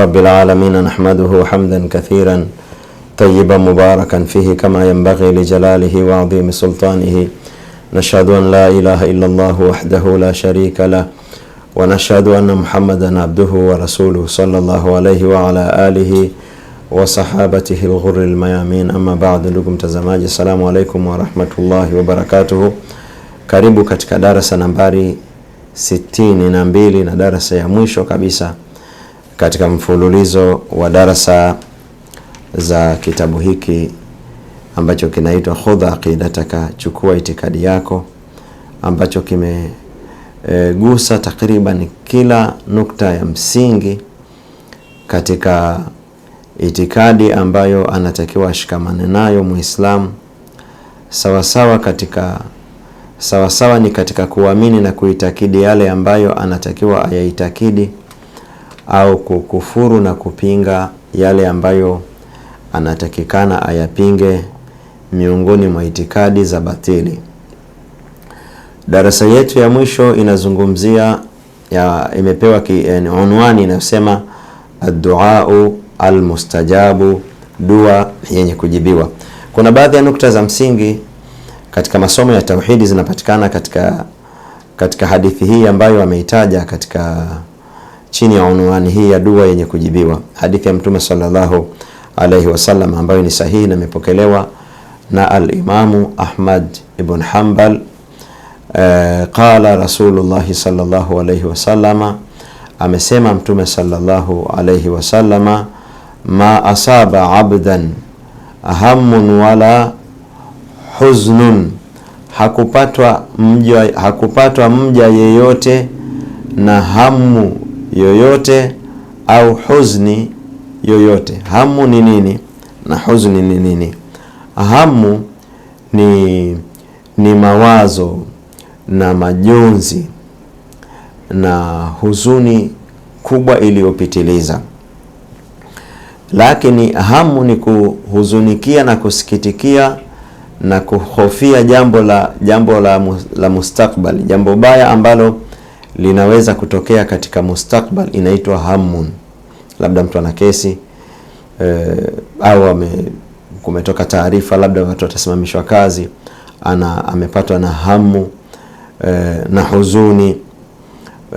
رب العالمين نحمده حمدا كثيرا طيبا مباركا فيه كما ينبغي لجلاله وعظيم سلطانه نشهد ان لا اله الا الله وحده لا شريك له ونشهد ان محمدا عبده ورسوله صلى الله عليه وعلى اله وصحابته الغر الميامين اما بعد ndugu mtazamaji assalamu alaikum warahmatullahi wabarakatuhu karibu katika darasa nambari 62 na darasa ya mwisho kabisa katika mfululizo wa darasa za kitabu hiki ambacho kinaitwa Khudha Aqidataka, chukua itikadi yako, ambacho kimegusa e, takriban kila nukta ya msingi katika itikadi ambayo anatakiwa ashikamane nayo Muislamu sawasawa katika sawasawa ni katika kuamini na kuitakidi yale ambayo anatakiwa ayaitakidi au kukufuru na kupinga yale ambayo anatakikana ayapinge miongoni mwa itikadi za batili. Darasa yetu ya mwisho inazungumzia ya, imepewa unwani eh, inayosema adduau almustajabu, dua yenye kujibiwa. Kuna baadhi ya nukta za msingi katika masomo ya tauhidi zinapatikana katika, katika hadithi hii ambayo ameitaja katika chini ya unwani hii ya dua yenye kujibiwa, hadithi ya Mtume sallallahu alayhi wasallam ambayo ni sahihi na imepokelewa na Alimamu Ahmad ibn Hanbal. E, qala rasulullahi sallallahu alayhi wasallama, amesema Mtume sallallahu alayhi wasallama, ma asaba abdan hamun wala huznun, hakupatwa mja, hakupatwa mja yeyote na hamu yoyote au huzni yoyote. Hamu ni nini na huzni ni nini? Hamu ni, ni mawazo na majonzi na huzuni kubwa iliyopitiliza, lakini hamu ni kuhuzunikia na kusikitikia na kuhofia jambo la jambo la, la mustakbali, jambo baya ambalo linaweza kutokea katika mustakbal, inaitwa hamun. Labda mtu ana kesi e, au kumetoka taarifa labda watu watasimamishwa kazi, ana amepatwa na hamu e, na huzuni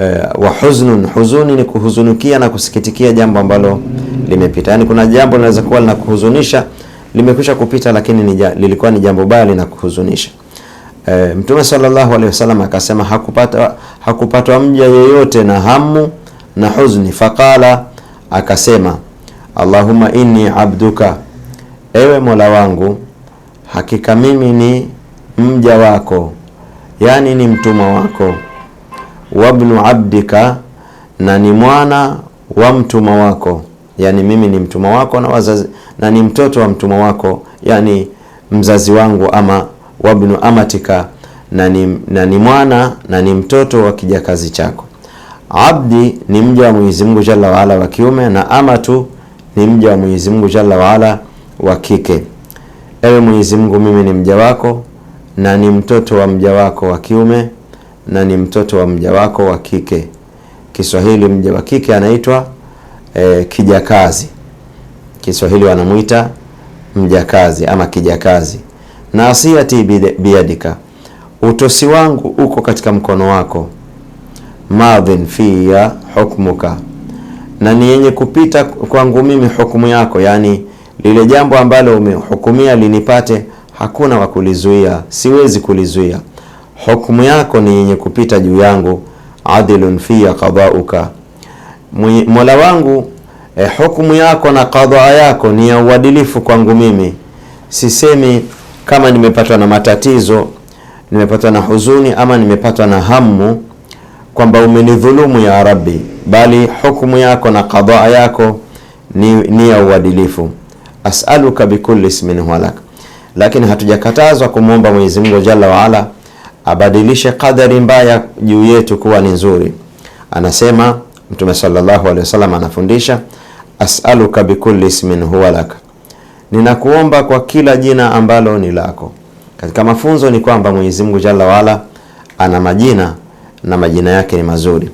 e, wa huznun. Huzuni ni kuhuzunikia na kusikitikia jambo ambalo limepita, yani kuna jambo linaweza kuwa linakuhuzunisha limekwisha kupita, lakini nija, lilikuwa ni jambo baya linakuhuzunisha. E, Mtume sallallahu alaihi wasallam akasema hakupata hakupatwa mja yeyote na hamu na huzni. Faqala, akasema Allahumma inni abduka, ewe mola wangu, hakika mimi ni mja wako, yani ni mtumwa wako, wabnu abdika, na ni mwana wa mtumwa wako, yani mimi ni mtumwa wako na wazazi, na ni mtoto wa mtumwa wako, yani mzazi wangu, ama wabnu amatika na ni, na ni mwana na ni mtoto wa kijakazi chako. Abdi ni mja wa Mwenyezi Mungu Jalla waala wa kiume, na amatu ni mja wa Mwenyezi Mungu Jalla waala wa kike. Ewe Mwenyezi Mungu, mimi ni mja wako na ni mtoto wa mja wako wa kiume na ni mtoto wa mja wako wa kike. Kiswahili mja wa kike anaitwa e, kijakazi. Kiswahili wanamuita mjakazi ama kijakazi. nasiyati biyadika utosi wangu uko katika mkono wako, madhin fiya hukmuka, na ni yenye kupita kwangu mimi hukumu yako, yani lile jambo ambalo umehukumia linipate, hakuna wa kulizuia, siwezi kulizuia. Hukumu yako ni yenye kupita juu yangu, adilun fiya qadauka, mola wangu E, hukumu yako na kadhaa yako ni ya uadilifu kwangu mimi. Sisemi kama nimepatwa na matatizo nimepatwa na huzuni ama nimepatwa na hamu kwamba umenidhulumu ya Rabbi, bali hukumu yako na qadaa yako ni, ni ya uadilifu. As'aluka bikulli ismin huwa lak, lakini hatujakatazwa kumwomba Mwenyezi Mungu Jalla waala abadilishe qadari mbaya juu yetu kuwa ni nzuri. Anasema Mtume sallallahu alaihi wasallam anafundisha, as'aluka bikulli ismin huwa lak, ninakuomba kwa kila jina ambalo ni lako. Katika mafunzo ni kwamba Mwenyezi Mungu Jalla Wala ana majina na majina yake ni mazuri,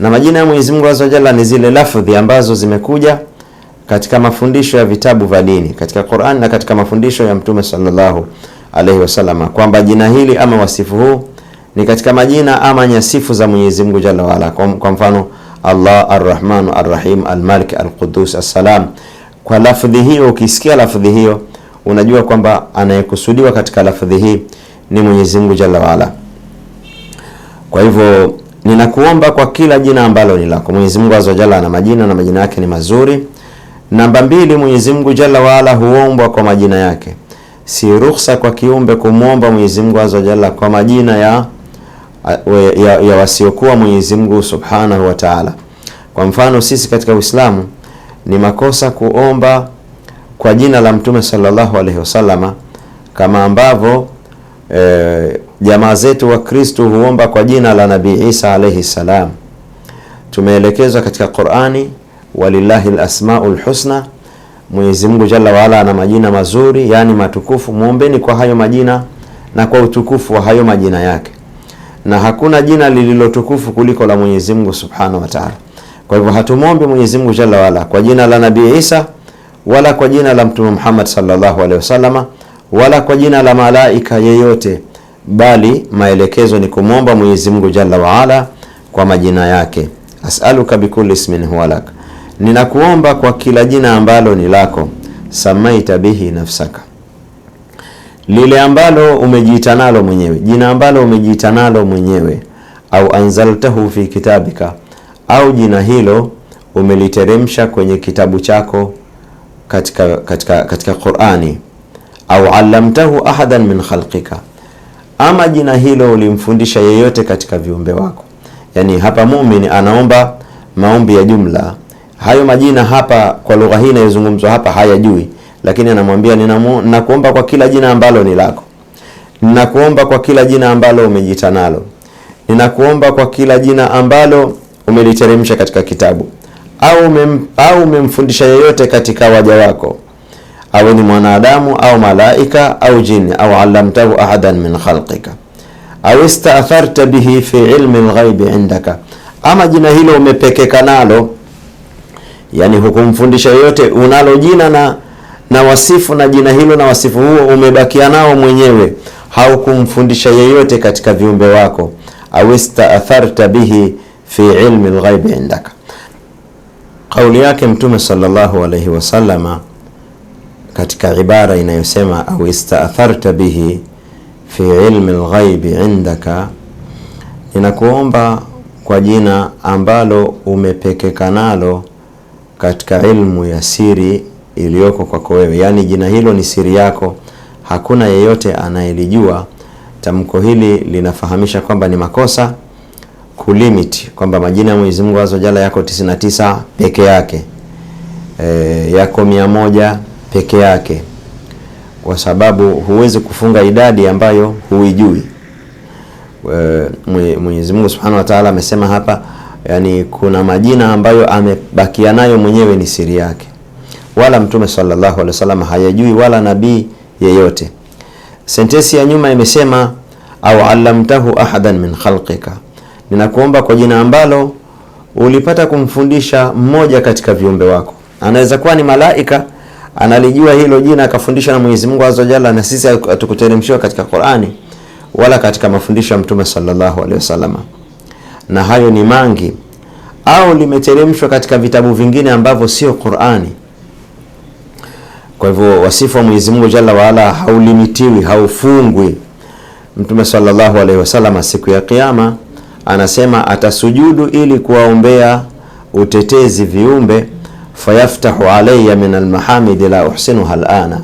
na majina ya Mwenyezi Mungu Azza Jalla ni zile lafdhi ambazo zimekuja katika mafundisho ya vitabu vya dini katika Qur'an na katika mafundisho ya Mtume sallallahu alayhi wasallam, kwamba jina hili ama wasifu huu ni katika majina ama nyasifu za Mwenyezi Mungu Jalla Wala. Kwa mfano Allah Arrahman Arrahim Almalik Alqudus Assalam. Kwa lafdhi hiyo, ukisikia lafdhi hiyo unajua kwamba anayekusudiwa katika lafdhi hii ni Mwenyezi Mungu Jalla waala. Kwa hivyo ninakuomba kwa kila jina ambalo ni lako Mwenyezi Mungu azza jalla, ana majina na majina yake ni mazuri. Namba mbili, Mwenyezi Mungu Jalla waala huombwa kwa majina yake, si ruhusa kwa kiumbe kumwomba Mwenyezi Mungu azza jalla kwa majina ya ya, ya wasiokuwa Mwenyezi Mungu Subhanahu wa Ta'ala. Kwa mfano sisi katika Uislamu ni makosa kuomba kwa jina la Mtume sallallahu alaihi wasallama, kama ambavyo e, jamaa zetu wa Kristo huomba kwa jina la Nabii Isa alaihi salam. Tumeelekezwa katika Qur'ani, walillahi alasmaul husna, Mwenyezi Mungu jalla waala ana majina mazuri, yani matukufu. Muombeni kwa hayo majina na kwa utukufu wa hayo majina yake, na hakuna jina lililotukufu kuliko la Mwenyezi Mungu subhanahu wa ta'ala. Kwa hivyo hatumwombi Mwenyezi Mungu jalla waala kwa jina la Nabii Isa wala kwa jina la Mtume Muhammad sallallahu alaihi wasallama wala kwa jina la malaika yeyote, bali maelekezo ni kumwomba Mwenyezi Mungu jalla waala kwa majina yake. As'aluka bikulli ismin huwa lak, ninakuomba kwa kila jina ambalo ni lako. Samaita bihi nafsaka, lile ambalo umejiita nalo mwenyewe, jina ambalo umejiita nalo mwenyewe. Au anzaltahu fi kitabika, au jina hilo umeliteremsha kwenye kitabu chako katika, katika, katika Qur'ani, au allamtahu ahadan min khalqika, ama jina hilo ulimfundisha yeyote katika viumbe wako. Yani hapa muumini anaomba maombi ya jumla. Hayo majina hapa kwa lugha hii inayozungumzwa hapa hayajui, lakini anamwambia ninakuomba kwa kila jina ambalo ni lako, ninakuomba kwa kila jina ambalo umejita nalo, ninakuomba kwa kila jina ambalo umeliteremsha katika kitabu au mem, au umemfundisha yeyote katika waja wako, awe ni mwanadamu au malaika au jini, au allamtahu ahadan min khalqika au istaatharta bihi fi ilmi lghaibi indaka, ama jina hilo umepekeka nalo, yani hukumfundisha yoyote, unalo jina na na wasifu na jina hilo na wasifu huo umebakia nao mwenyewe, haukumfundisha yeyote katika viumbe wako. Au istaatharta bihi fi ilmi lghaibi indaka Kauli yake Mtume sallallahu alaihi wasallama katika ibara inayosema au istaatharta bihi fi ilmi lghaibi indaka, ninakuomba kwa jina ambalo umepekeka nalo katika ilmu ya siri iliyoko kwako wewe, yaani jina hilo ni siri yako, hakuna yeyote anayelijua. Tamko hili linafahamisha kwamba ni makosa kulimit kwamba majina ya Mwenyezi Mungu azza jalla yako 99 peke yake, e, yako mia moja peke yake, kwa sababu huwezi kufunga idadi ambayo huijui. E, Mwenyezi Mungu Subhanahu wa Ta'ala amesema hapa, yani kuna majina ambayo amebakia nayo mwenyewe ni siri yake, wala Mtume sallallahu alaihi wasallam hayajui wala nabii yeyote. Sentensi ya nyuma imesema au allamtahu ahadan min khalqika Ninakuomba kwa jina ambalo ulipata kumfundisha mmoja katika viumbe wako. Anaweza kuwa ni malaika analijua hilo jina akafundishwa na Mwenyezi Mungu azza jalla, na sisi hatukuteremshiwa katika Qur'ani wala katika mafundisho ya Mtume sallallahu alaihi wasallam, na hayo ni mangi, au limeteremshwa katika vitabu vingine ambavyo sio Qur'ani. Kwa hivyo wasifu wa Mwenyezi Mungu jalla waala haulimitiwi, haufungwi. Mtume sallallahu alaihi wasallam siku ya Kiyama anasema atasujudu ili kuwaombea utetezi viumbe, fayaftahu alayya min almahamidi la uhsinuha alana,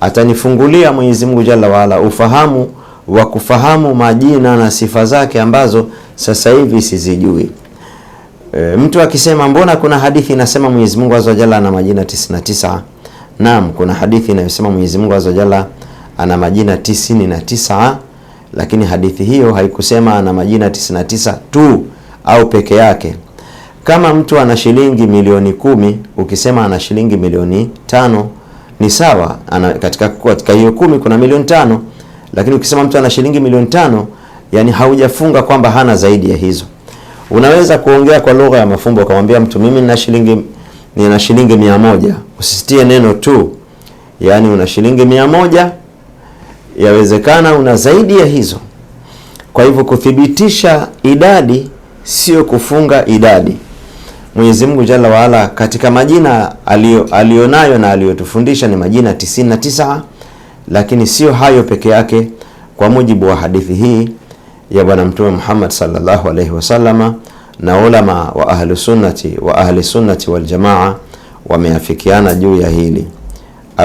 atanifungulia Mwenyezi Mungu jalla waala ufahamu wa kufahamu majina na sifa zake ambazo sasa hivi sizijui. E, mtu akisema mbona kuna hadithi inasema Mwenyezi Mungu azza jalla ana majina 99? Naam, kuna hadithi inayosema Mwenyezi Mungu azza jalla ana majina 99 lakini hadithi hiyo haikusema ana majina 99 tu au peke yake. Kama mtu ana shilingi milioni kumi, ukisema ana shilingi milioni tano ni sawa. Ana katika katika hiyo kumi kuna milioni tano, lakini ukisema mtu ana shilingi milioni tano, yani haujafunga kwamba hana zaidi ya hizo. Unaweza kuongea kwa lugha ya mafumbo ukamwambia mtu mimi nina shilingi nina shilingi mia moja, usisitie neno tu, yani una shilingi mia moja yawezekana una zaidi ya hizo. Kwa hivyo kuthibitisha idadi sio kufunga idadi. Mwenyezi Mungu Jalla waala katika majina aliyonayo na aliyotufundisha ni majina 99, lakini sio hayo peke yake. Kwa mujibu wa hadithi hii ya Bwana Mtume Muhammad sallallahu alaihi wasallama na ulama wa sunnati wa ahlisunnati waljamaa wameafikiana juu ya hili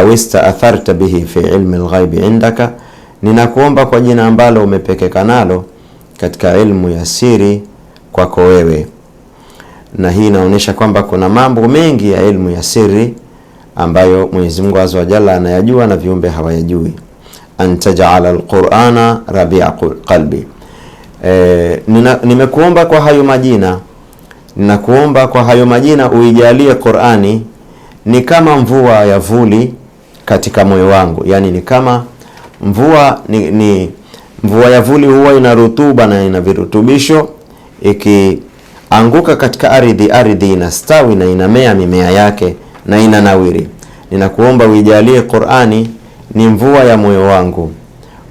atharta bihi fi ilmi lghaibi indaka, ninakuomba kwa jina ambalo umepekeka nalo katika ilmu ya siri kwako wewe. Na hii inaonyesha kwamba kuna mambo mengi ya ilmu ya siri ambayo Mwenyezi Mungu azza wa jalla anayajua na viumbe hawayajui. antajala alqurana rabia qalbi E, nimekuomba kwa hayo majina, ninakuomba kwa hayo majina uijalie Qur'ani ni kama mvua ya vuli katika moyo wangu. Yaani ni kama mvua ni, ni mvua ya vuli huwa ina rutuba na ina virutubisho, ikianguka katika ardhi, ardhi inastawi na inamea mimea yake na inanawiri. Ninakuomba uijalie Qur'ani ni mvua ya moyo wangu,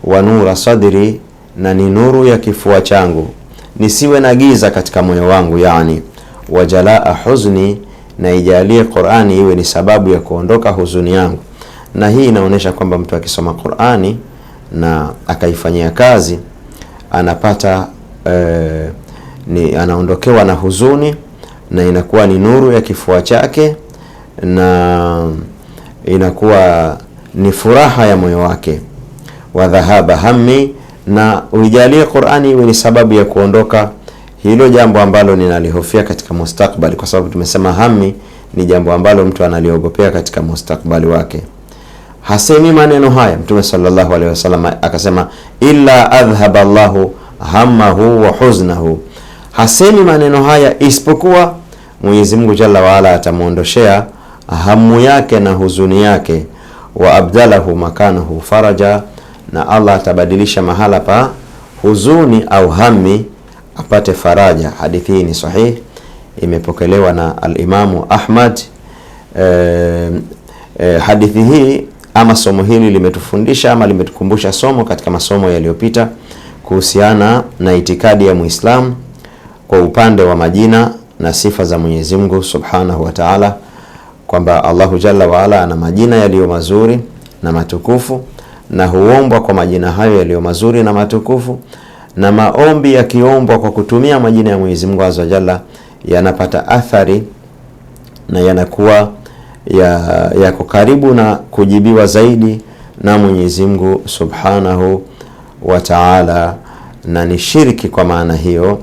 wa nura sadri, na ni nuru ya kifua changu, nisiwe na giza katika moyo wangu, yani wajalaa huzni, na ijalie Qur'ani iwe ni sababu ya kuondoka huzuni yangu na hii inaonyesha kwamba mtu akisoma Qur'ani na akaifanyia kazi anapata e, ni anaondokewa na huzuni na inakuwa ni nuru ya kifua chake na inakuwa ni furaha ya moyo wake. wa dhahaba hammi, na uijalie Qur'ani iwe ni sababu ya kuondoka hilo jambo ambalo ninalihofia katika mustakbali, kwa sababu tumesema hammi ni jambo ambalo mtu analiogopea katika mustakbali wake hasemi maneno haya Mtume sallallahu alaihi wasallam akasema, illa adhhaba Allahu hamahu wa huznahu, hasemi maneno haya isipokuwa Mwenyezi Mungu jalla waala atamwondoshea hamu yake na huzuni yake, wa abdalahu makanahu faraja, na Allah atabadilisha mahala pa huzuni au hami apate faraja. Hadithi hii ni sahih, imepokelewa na alimamu Ahmad. E, e, hadithi hii ama somo hili limetufundisha ama limetukumbusha somo katika masomo yaliyopita kuhusiana na itikadi ya Muislamu kwa upande wa majina na sifa za Mwenyezi Mungu Subhanahu wa Ta'ala, kwamba Allahu Jalla wa Ala ana majina yaliyo mazuri na matukufu, na huombwa kwa majina hayo yaliyo mazuri na matukufu, na maombi yakiombwa kwa kutumia majina ya Mwenyezi Mungu Azza Jalla yanapata athari na yanakuwa yako karibu na kujibiwa zaidi na Mwenyezi Mungu Subhanahu wa Ta'ala, na ni shirki kwa maana hiyo,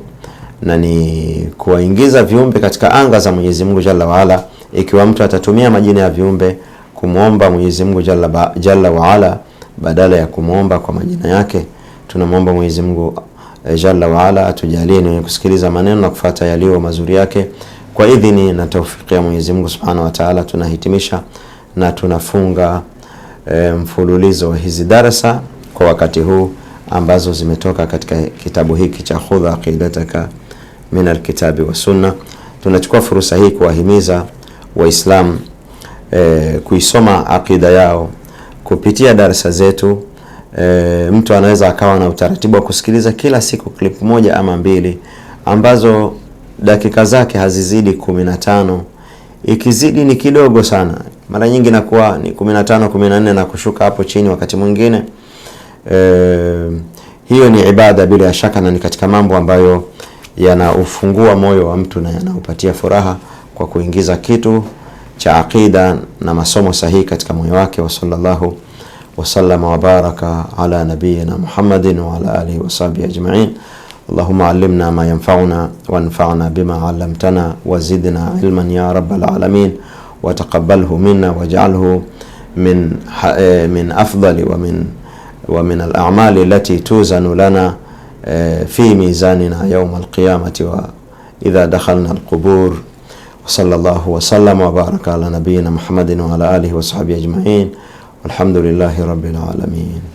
na ni kuwaingiza viumbe katika anga za Mwenyezi Mungu Jalla waala, ikiwa mtu atatumia majina ya viumbe kumwomba Mwenyezi Mungu Jalla, Jalla waala badala ya kumwomba kwa majina yake. Tunamwomba Mwenyezi Mungu eh, Jalla waala atujalie ni wenye kusikiliza maneno na kufuata yaliyo mazuri yake. Kwa idhini na taufiki ya Mwenyezi Mungu Subhanahu wa Ta'ala, tunahitimisha na tunafunga e, mfululizo wa hizi darasa kwa wakati huu ambazo zimetoka katika kitabu hiki cha khudha aqidataka min alkitabi wa sunna. Tunachukua fursa hii kuwahimiza waislam e, kuisoma aqida yao kupitia darasa zetu. E, mtu anaweza akawa na utaratibu wa kusikiliza kila siku klip moja ama mbili ambazo dakika zake hazizidi 15. Ikizidi ni kidogo sana, mara nyingi nakuwa ni 15 14 na kushuka hapo chini wakati mwingine. E, hiyo ni ibada bila ya shaka, na ni katika mambo ambayo yanaufungua moyo wa mtu na yanaupatia furaha kwa kuingiza kitu cha aqida na masomo sahihi katika moyo wake. sallama wa baraka ala nabiyina Muhammadin wa ala alihi sahbihi ajmain. اللهم علمنا ما ينفعنا وانفعنا بما علمتنا وزدنا علما يا رب العالمين وتقبله منا واجعله من آه، من افضل ومن ومن الاعمال التي توزن لنا آه، في ميزاننا يوم القيامه واذا دخلنا القبور وصلى الله وسلم وبارك على نبينا محمد وعلى اله وصحبه اجمعين والحمد لله رب العالمين